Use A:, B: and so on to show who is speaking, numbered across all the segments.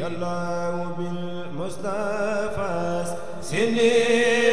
A: يا الله بالمصطفى سني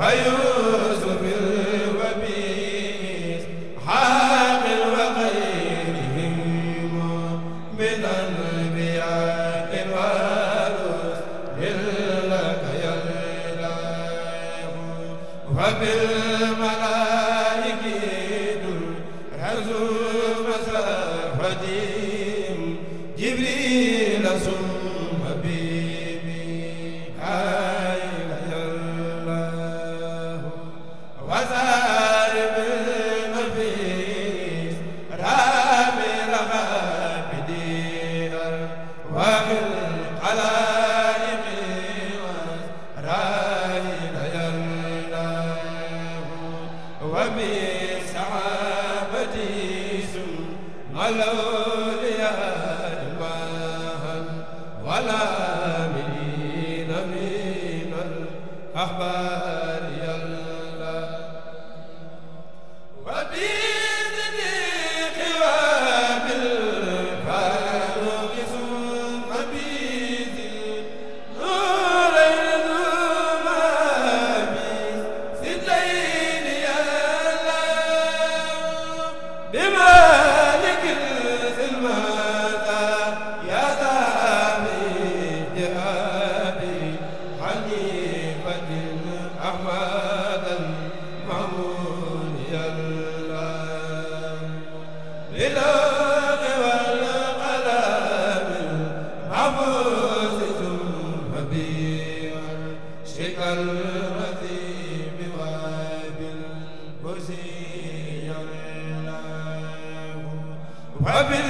A: waaye ahba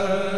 A: a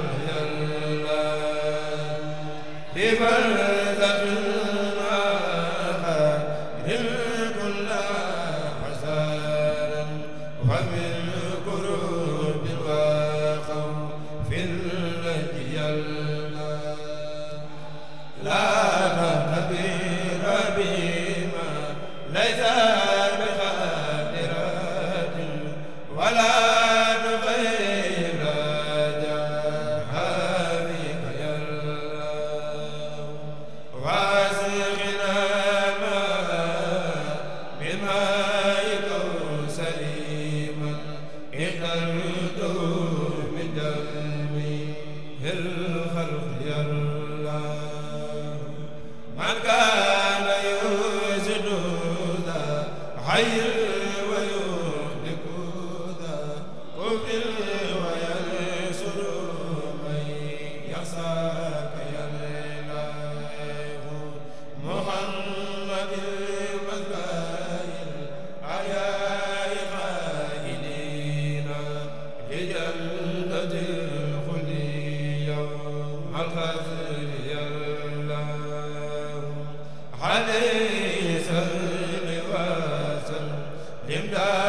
A: dem da